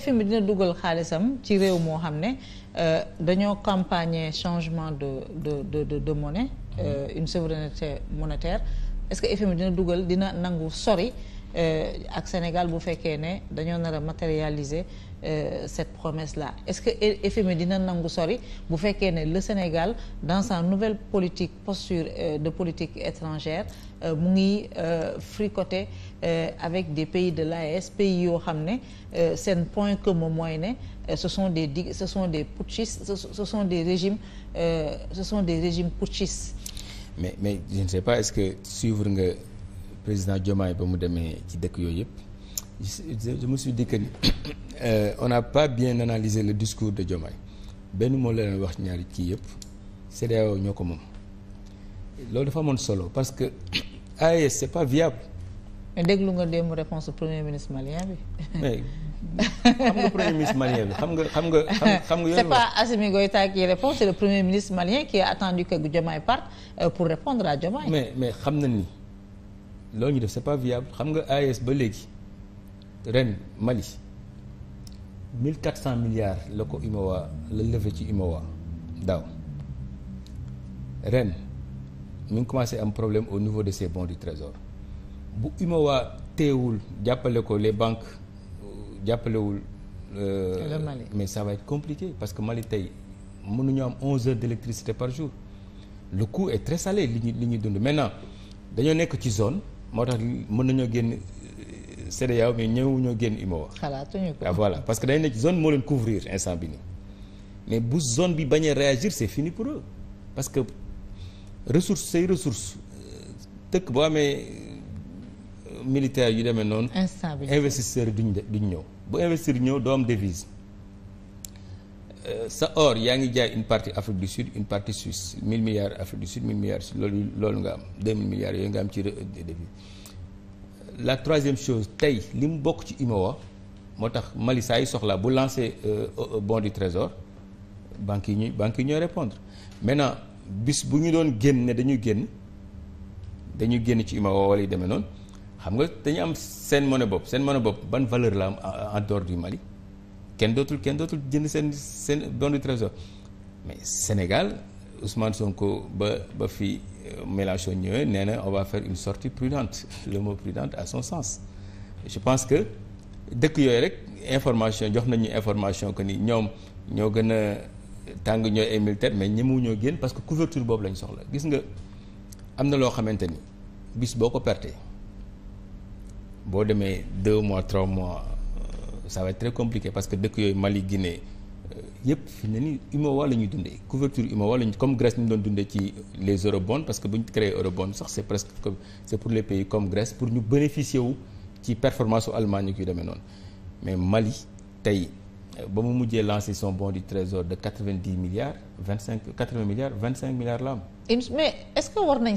fm FMI dina dugal xaalisam ci réew moo xam ne euh, dañoo campagner changement de de de de, de euh, une souveraineté monétaire est-ce que FMI dina dugal dina nangu sori Euh, ak Sénégal bu fekkee ne dañoo nar a matérialiser euh, cette promesse la est-ce que FMI dina nangu sori bu fekkee ne le Sénégal dans sa nouvelle politique posture euh, de politique étrangère mu ngi fricoter avec des pays de l'AES pays yoo xam ne seen point commun mooy ne ce sont des dig ce sont des putschistes ce sont des régimes ce sont des régimes putschistes mais mais je ne sais pas est-ce que suivre nga. président Diomaye ba mu demee ci dëkk yooyu yëpp je me suis dit que ni euh, on n'a pas bien analysé le discours de Diomaye benn moo leen wax ñaari kii yëpp CEDEAO ñoo ko moom loolu dafa amoon solo parce que AES c'est pas viable. mais déglu nga démb réponse premier ministre malien bi. mais xam nga premier ministre bi xam nga xam nga. xam nga c'est pas Assimi qui répond c'est le premier ministre a attendu que Diomaye parte euh, pour répondre à Diomaye. mais mais xam na ni. loolu ñu def c'est pas viable xam nga AES ba léegi ren Mali 1400 milliards la ko UMOA la levé ci UMOA daaw ren mu ngi commencé am problème au niveau de ces bons du trésor bu UMOA teewul jàppale ko les banques jàppalewul euh, mais ça va être compliqué parce que Mali tey mënuñu am 11 heures d'électricité par jour le coût est très salé li ñu li ñuy dund maintenant dañoo nekk ci zone moo tax mën nañoo génn euh, CEDEAO mais ñëwuñoo génn UMOA. xalaatuñu ko ah, voilà parce que dañ ne zone moo leen couvrir instant bi nii mais bu zone bi bañ a réagir c'est fini pour eux parce que ressource say ressource euh, dëkk boo amee. Euh, militaire yu demee noonu. instant bi investisseur duñ de duñ ñëw bu investisseur ñëw doo am devise. Euh, sa or yaa ngi jaay une partie Afrique du Sud une partie Suisse 1000 milliards Afrique du Sud 1000 milliards loolu nga am 2000 milliards yooyu nga am ci la troisième chose tey li mu bokk ci UMOA moo tax Mali saa yi soxlaa bu lancé euh, euh, bon du trésor banques yi ñuy banque yi ñooy répondre maintenant bis bu ñu doon génn ne dañuy génn dañu génn ci UMOA wala yu demee noonu xam nga dañu am seen monnaie bopp seen monnaie bopp ban valeur la am en dehors du Mali kenn dootul kenn dootul jënd seen seen don du trésor mais Sénégal Ousmane Sonko ba ba fi euh, Mélenchon ñëwee nee na on va faire une sortie prudente le mot prudente à son sens je pense que dëkk yooyu rek information jox nañu information que nii ñoom ñoo gën a tàng ñooy ay militaire mais ñemewu ñoo génn parce que couverture boobu lañ soxla gis nga am na loo xamante ni bis boo ko pertee boo demee deux mois trois mois ça va être très compliqué parce que dëkk yooyu Mali Guinée euh, yëpp fi ne ni UMOA la ñuy dundee couverture UMOA la ñu comme Grèce ni mu doon dundee ci les eurobonds parce que bu ñu créé eurobond sax c' presque comme pour les pays comme Grèce pour ñu bénéficier ci performance su yu demee noonu mais Mali tey euh, ba mu mujjee lance son bon du trésor de quatre vingt dix milliards vingt cinq quatre vingt milliards vingt cinq milliards la am. mais